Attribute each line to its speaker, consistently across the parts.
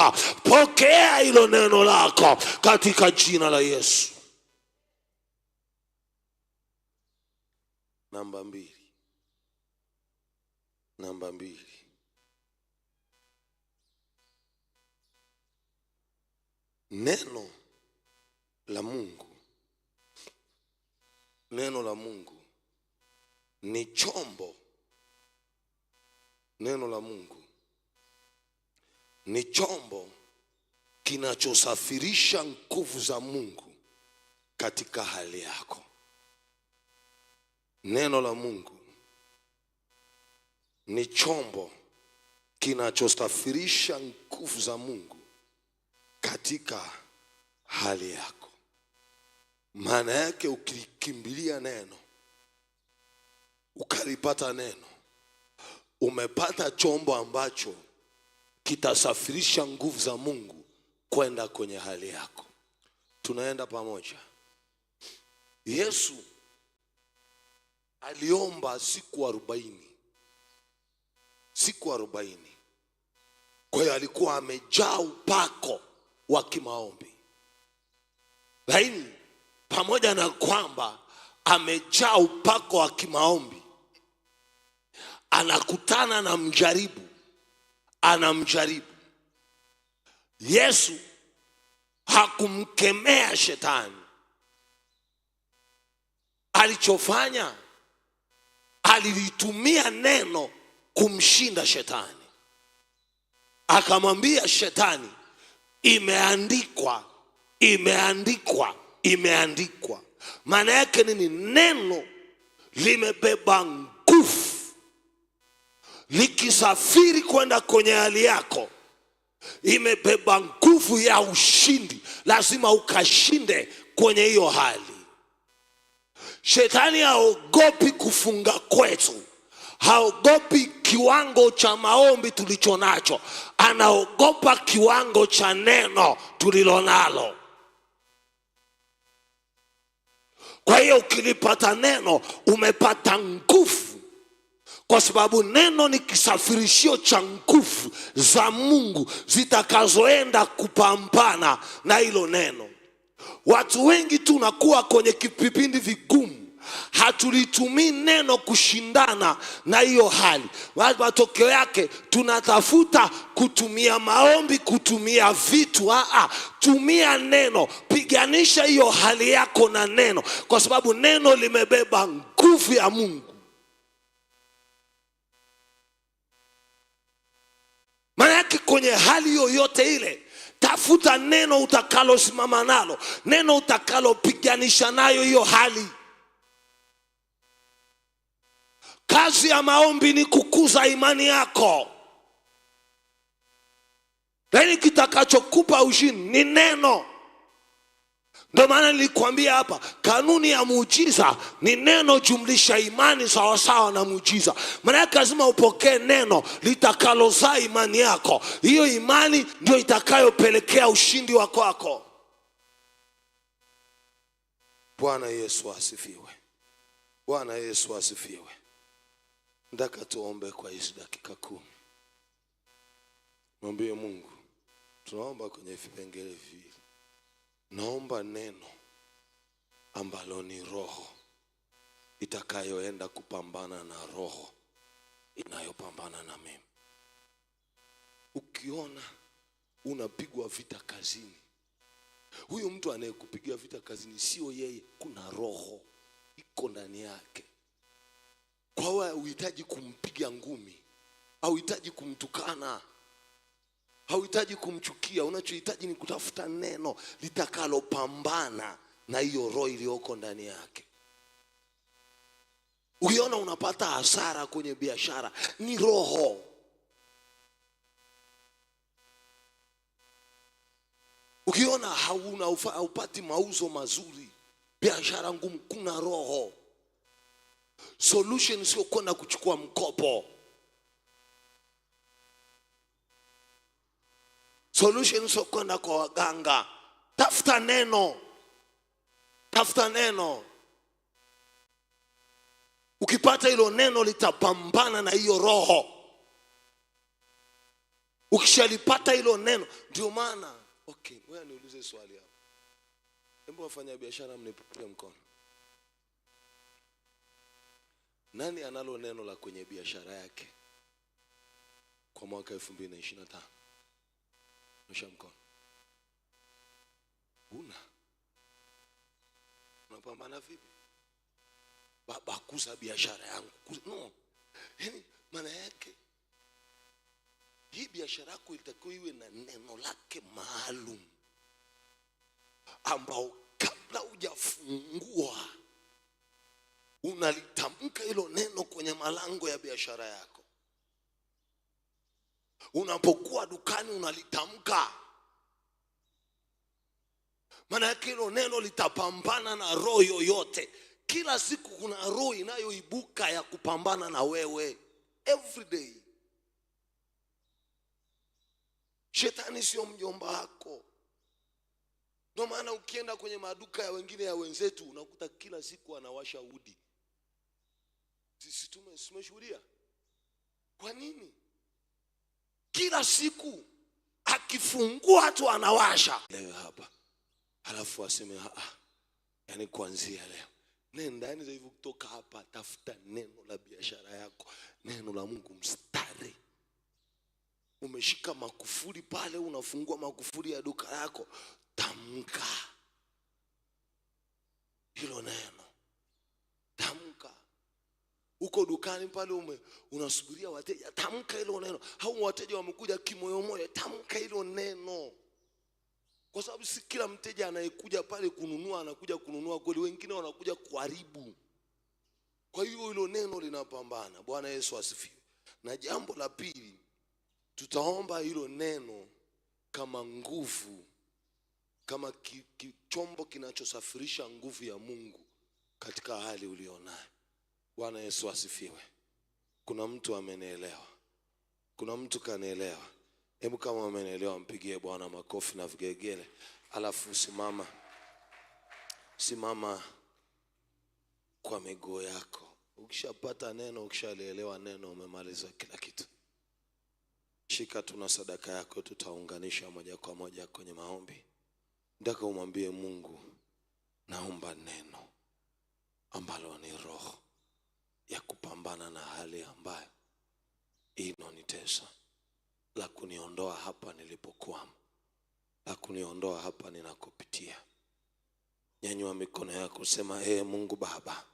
Speaker 1: hapa, Pokea hilo neno lako katika jina la Yesu. Namba mbili, namba mbili, neno la Mungu, neno la Mungu ni chombo. Neno la Mungu ni chombo kinachosafirisha nguvu za Mungu katika hali yako. Neno la Mungu ni chombo kinachosafirisha nguvu za Mungu katika hali yako. Maana yake ukilikimbilia neno, ukalipata neno, umepata chombo ambacho kitasafirisha nguvu za Mungu kwenda kwenye hali yako. Tunaenda pamoja. Yesu aliomba siku arobaini, siku arobaini. Kwa hiyo alikuwa amejaa upako wa kimaombi, lakini pamoja na kwamba amejaa upako wa kimaombi, anakutana na mjaribu anamjaribu. Yesu hakumkemea shetani. Alichofanya, alilitumia neno kumshinda shetani. Akamwambia shetani, imeandikwa, imeandikwa, imeandikwa. Maana yake nini? Neno limebeba likisafiri kwenda kwenye hali yako, imebeba nguvu ya ushindi. Lazima ukashinde kwenye hiyo hali. Shetani haogopi kufunga kwetu, haogopi kiwango cha maombi tulicho nacho, anaogopa kiwango cha neno tulilo nalo. Kwa hiyo ukilipata neno, umepata nguvu kwa sababu neno ni kisafirishio cha nguvu za Mungu zitakazoenda kupambana na hilo neno. Watu wengi tunakuwa kwenye vipindi vigumu hatulitumii neno kushindana na hiyo hali. Matokeo yake tunatafuta kutumia maombi, kutumia vitu. Aa, tumia neno, piganisha hiyo hali yako na neno, kwa sababu neno limebeba nguvu ya Mungu. kwenye hali yoyote ile, tafuta neno utakalosimama nalo, neno utakalopiganisha nayo hiyo hali. Kazi ya maombi ni kukuza imani yako, lakini kitakachokupa ushindi ni neno. Ndio maana nilikuambia hapa, kanuni ya muujiza ni neno jumlisha imani sawasawa na muujiza. Maana lazima upokee neno litakalozaa imani yako, hiyo imani ndio itakayopelekea ushindi wa kwako. Bwana Yesu asifiwe! Bwana Yesu asifiwe! Nataka tuombe kwa hizi dakika kumi, mwambie Mungu tunaomba kwenye vipengele viwili Naomba neno ambalo ni roho itakayoenda kupambana na roho inayopambana na mimi. Ukiona unapigwa vita kazini, huyu mtu anayekupiga vita kazini sio yeye, kuna roho iko ndani yake. Kwa hiyo huhitaji kumpiga ngumi, auhitaji kumtukana Hauhitaji kumchukia, unachohitaji ni kutafuta neno litakalopambana na hiyo roho iliyoko ndani yake. Ukiona unapata hasara kwenye biashara, ni roho. Ukiona hauna haupati mauzo mazuri, biashara ngumu, kuna roho. Solution sio kwenda kuchukua mkopo. Solution sio kwenda kwa waganga. Tafuta neno, tafuta neno. Ukipata hilo neno litapambana na hiyo roho. Ukishalipata hilo neno, ndio maana okay. Wewe niulize swali hapa, hebu wafanya biashara mnipigie mkono, nani analo neno la kwenye biashara yake kwa mwaka 2025? nyosha mkono. Una unapambana vipi? Bakuza biashara yangu no. yaani maana yake hii biashara yako ilitakiwa iwe na neno lake maalum ambao kabla hujafungua unalitamka hilo neno kwenye malango ya biashara yako. Unapokuwa dukani unalitamka, maana yake hilo neno litapambana na roho yoyote. Kila siku kuna roho inayoibuka ya kupambana na wewe every Shetani sio mjomba wako. Ndio maana ukienda kwenye maduka ya wengine ya wenzetu unakuta kila siku anawasha udi. Sisi tumeshuhudia. Kwa nini? kila siku akifungua tu anawasha leo hapa, halafu aseme ah, ah yani kuanzia leo nenda yani kutoka hapa tafuta neno la biashara yako, neno la Mungu mstari umeshika makufuri pale, unafungua makufuri ya duka lako, tamka hilo neno uko dukani pale ume unasubiria wateja, tamka hilo neno. Au wateja wamekuja kimoyomoyo, tamka hilo neno, kwa sababu si kila mteja anayekuja pale kununua anakuja kununua kweli, wengine wanakuja kuharibu. Kwa hiyo hilo neno linapambana. Bwana Yesu asifiwe. Na jambo la pili, tutaomba hilo neno kama nguvu, kama ki, ki, chombo kinachosafirisha nguvu ya Mungu katika hali ulionayo. Bwana Yesu asifiwe. Kuna mtu amenielewa, kuna mtu kanielewa. Hebu kama amenielewa, mpigie Bwana makofi na vigelegele, alafu simama, simama kwa miguu yako. Ukishapata neno, ukishalielewa neno, umemaliza kila kitu. Shika tuna sadaka yako, tutaunganisha moja kwa moja kwenye maombi. Nataka umwambie Mungu, naomba neno ambalo ni roho ya kupambana na hali ambayo inonitesa la kuniondoa hapa nilipokwama, la kuniondoa hapa ninakopitia. Nyanyua mikono yako, sema: Ee Mungu Baba,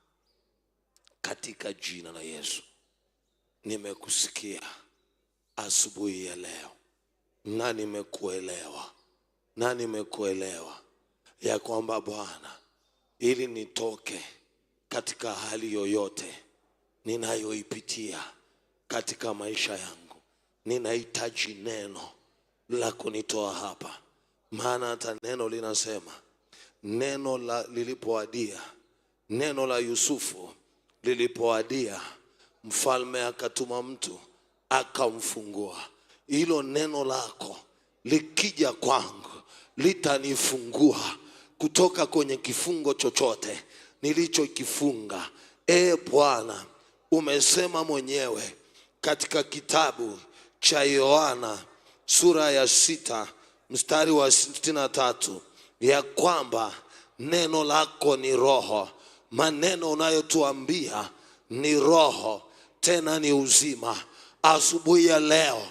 Speaker 1: katika jina la Yesu nimekusikia asubuhi ya leo na nimekuelewa na nimekuelewa ya kwamba Bwana, ili nitoke katika hali yoyote ninayoipitia katika maisha yangu. Ninahitaji neno la kunitoa hapa, maana hata neno linasema neno la lilipoadia, neno la Yusufu lilipoadia, mfalme akatuma mtu akamfungua. Hilo neno lako likija kwangu litanifungua kutoka kwenye kifungo chochote nilichokifunga. E Bwana, Umesema mwenyewe katika kitabu cha Yohana sura ya sita mstari wa sitini na tatu ya kwamba neno lako ni roho, maneno unayotuambia ni roho tena ni uzima. Asubuhi ya leo,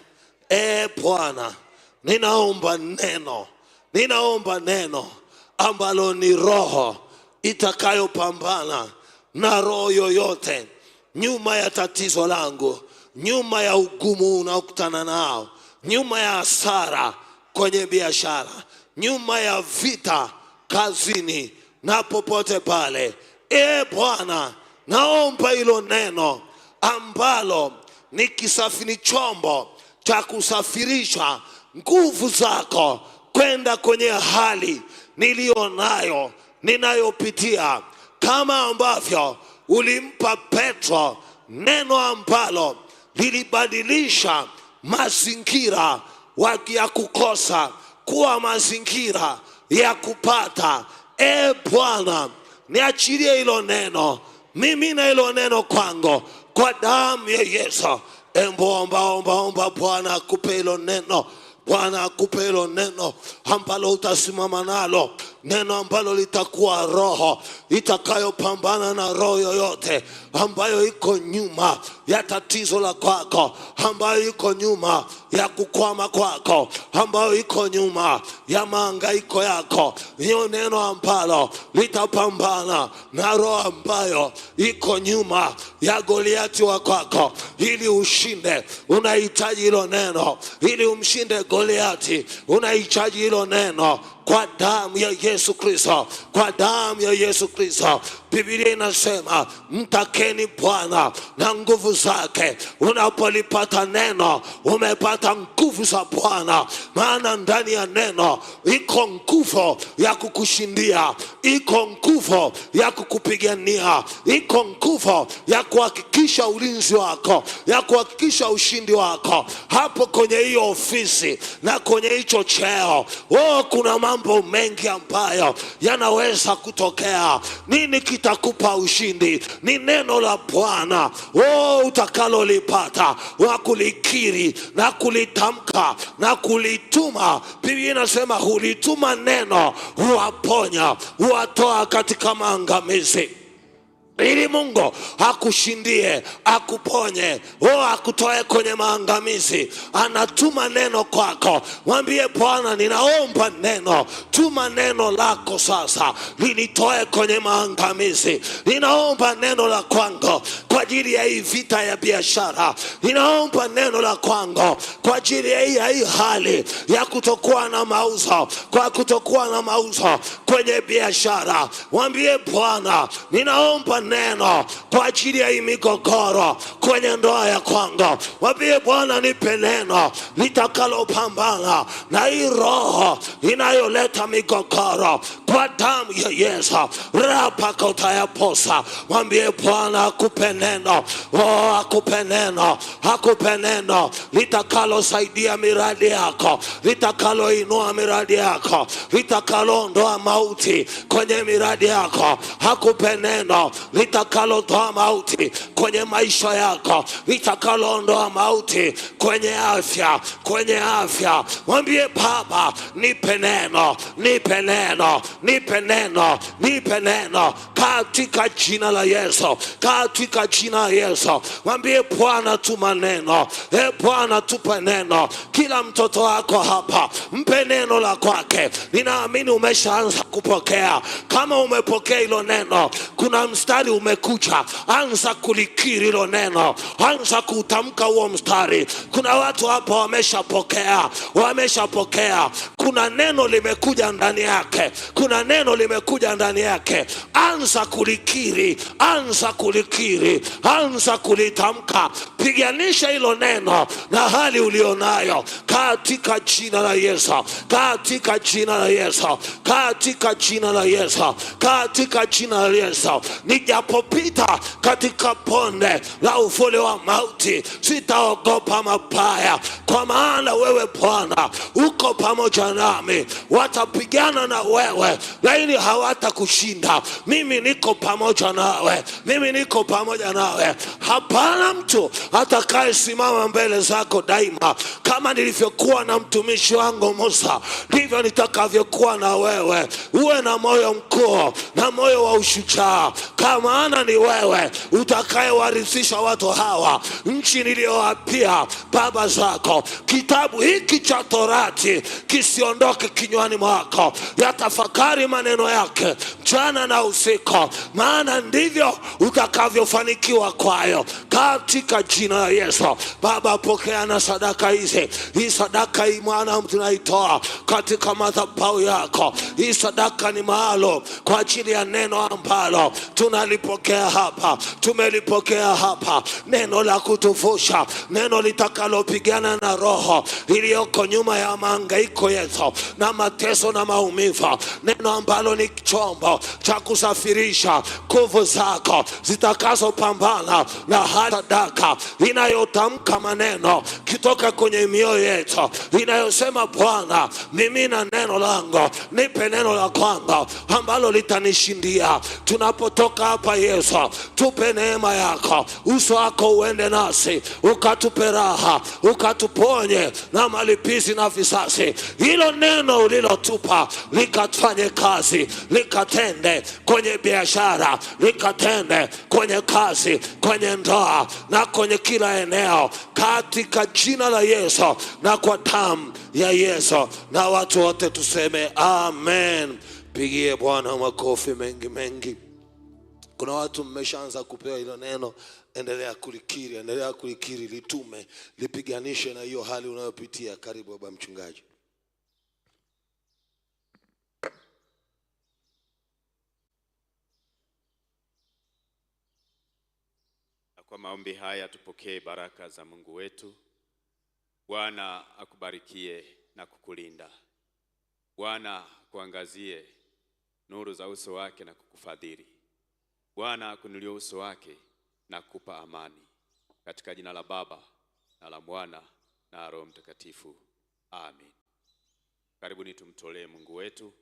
Speaker 1: e Bwana, ninaomba neno, ninaomba neno ambalo ni roho itakayopambana na roho yoyote nyuma ya tatizo langu, nyuma ya ugumu unaokutana nao, nyuma ya hasara kwenye biashara, nyuma ya vita kazini na popote pale. Ee Bwana, naomba hilo neno ambalo ni kisafini chombo cha kusafirisha nguvu zako kwenda kwenye hali niliyo nayo ninayopitia, kama ambavyo ulimpa Petro neno ambalo lilibadilisha mazingira ya kukosa kuwa mazingira ya kupata. E Bwana, niachilie hilo neno, mimi na hilo neno kwangu kwa damu ya Yesu. Embo omba omba omba, Bwana akupe hilo neno, Bwana akupe hilo neno ambalo utasimama nalo neno ambalo litakuwa roho itakayopambana na roho yoyote ambayo iko nyuma ya tatizo la kwako, ambayo iko nyuma ya kukwama kwako, ambayo iko nyuma ya maangaiko yako. Hiyo neno ambalo litapambana na roho ambayo iko nyuma ya Goliati wa kwako, ili ushinde. Unahitaji hilo neno ili umshinde Goliati, unahitaji hilo neno kwa damu ya Yesu. Yesu Kristo, kwa damu ya Yesu Kristo, Biblia inasema mtakeni Bwana na nguvu zake. Unapolipata neno, umepata nguvu za Bwana, maana ndani ya neno iko nguvu ya kukushindia, iko nguvu ya kukupigania, iko nguvu ya kuhakikisha ulinzi wako, ya kuhakikisha ushindi wako hapo kwenye hiyo ofisi na kwenye hicho cheo. Oh, kuna mambo mengi ambayo yanaweza kutokea. Nini kitu nitakupa ushindi. Ni neno la Bwana o utakalolipata wa kulikiri na kulitamka na kulituma. Biblia inasema hulituma neno, huwaponya, huwatoa katika maangamizi ili Mungu akushindie, akuponye, o akutoe kwenye maangamizi. Anatuma neno kwako, mwambie Bwana, ninaomba neno, tuma neno lako sasa linitoe kwenye maangamizi. Ninaomba neno la kwangu kwa ajili ya hii vita ya biashara, ninaomba neno la kwangu kwa ajili ya hii hali ya kutokuwa na mauzo, kwa kutokuwa na mauzo kwenye biashara. Mwambie Bwana, ninaomba neno kwa ajili ya hii migogoro kwenye ndoa ya kwangu, wambie Bwana, nipe neno litakalopambana na hii roho inayoleta migogoro kwa damu ya Yesu. Rapaka utayaposa, mwambie Bwana akupe neno, oh, akupe neno, akupe neno litakalosaidia miradi yako, litakaloinua miradi yako, litakaloondoa mauti kwenye miradi yako, akupe neno litakalotoa mauti kwenye maisha yako, litakaloondoa mauti kwenye afya, kwenye afya. Mwambie Baba, nipe neno, nipe neno, nipe neno, nipe neno katika jina la Yesu, katika jina la Yesu. Mwambie Bwana, tuma neno. E Bwana, tupe neno. Kila mtoto wako hapa, mpe neno la kwake. Ninaamini umeshaanza kupokea. Kama umepokea hilo neno, kuna mstari mstari umekucha. Anza kulikiri hilo neno, anza kuutamka huo mstari. Kuna watu hapa wameshapokea, wameshapokea kuna neno limekuja ndani yake, kuna neno limekuja ndani yake. Anza kulikiri, anza kulikiri, anza kulitamka. Piganisha hilo neno na hali ulionayo, katika jina la Yesu, katika jina la Yesu, katika jina la Yesu, katika jina la Yesu. Nijapopita katika ponde la uvuli wa mauti, sitaogopa mabaya, kwa maana wewe Bwana uko pamoja nami, watapigana na wewe, lakini hawatakushinda. Mimi niko pamoja nawe, mimi niko pamoja nawe. Hapana mtu atakayesimama mbele zako daima. Kama nilivyokuwa na mtumishi wangu Musa, ndivyo nitakavyokuwa na wewe. Uwe na moyo mkuu na moyo wa ushujaa, kamaana ni wewe utakayewarithisha watu hawa nchi niliyowapia baba zako. Kitabu hiki cha Torati kisio iondoke kinywani mwako, yatafakari maneno yake mchana na usiku, maana ndivyo utakavyofanikiwa kwayo, katika jina la Yesu. Baba, pokea na sadaka hizi. Hii sadaka hii mwana tunaitoa katika madhabahu yako. Hii sadaka ni maalum kwa ajili ya neno ambalo tunalipokea hapa, tumelipokea hapa, neno la kutuvusha, neno litakalopigana na roho iliyoko nyuma ya maangaiko yetu mateso na mateso na maumivu, neno ambalo ni chombo cha kusafirisha nguvu zako zitakazopambana na hadaka inayotamka maneno kitoka kwenye mioyo yetu inayosema, Bwana, mimi na neno langu, nipe neno la kwanza ambalo litanishindia. Tunapotoka hapa, Yesu, tupe neema yako, uso wako uende nasi, ukatupe raha, ukatuponye na malipizi na visasi hilo hilo neno ulilotupa likafanye kazi, likatende kwenye biashara, likatende kwenye kazi, kwenye ndoa na kwenye kila eneo, katika jina la Yesu na kwa damu ya Yesu, na watu wote tuseme amen. Pigie Bwana makofi mengi mengi. Kuna watu mmeshaanza kupewa hilo neno, endelea kulikiri, endelea kulikiri, litume, lipiganishe na hiyo hali unayopitia. Karibu baba mchungaji.
Speaker 2: Kwa maombi haya tupokee baraka za Mungu wetu. Bwana akubarikie na kukulinda. Bwana akuangazie nuru za uso wake na kukufadhili. Bwana akuinulie uso wake na kukupa amani. Katika jina la Baba na la Mwana na Roho Mtakatifu, amin. Karibuni tumtolee Mungu wetu.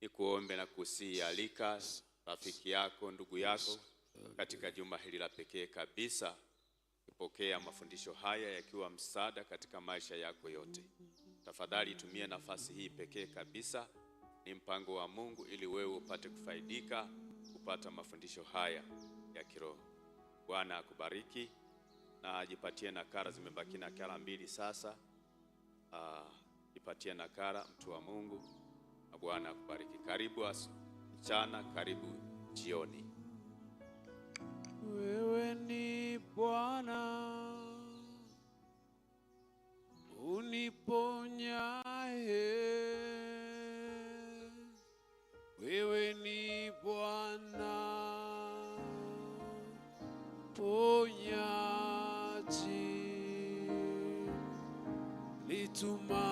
Speaker 2: Nikuombe na kusii alika rafiki yako, ndugu yako katika juma hili la pekee kabisa, ipokea mafundisho haya yakiwa msaada katika maisha yako yote. Tafadhali tumia nafasi hii pekee kabisa, ni mpango wa Mungu ili wewe upate kufaidika kupata mafundisho haya ya kiroho. Bwana akubariki na ajipatie nakala, zimebaki nakala mbili sasa. Uh, jipatie nakala mtu wa Mungu, na Bwana akubariki. Karibu mchana, karibu jioni ni Bwana, uniponyaye. Wewe ni Bwana ponyaji, lituma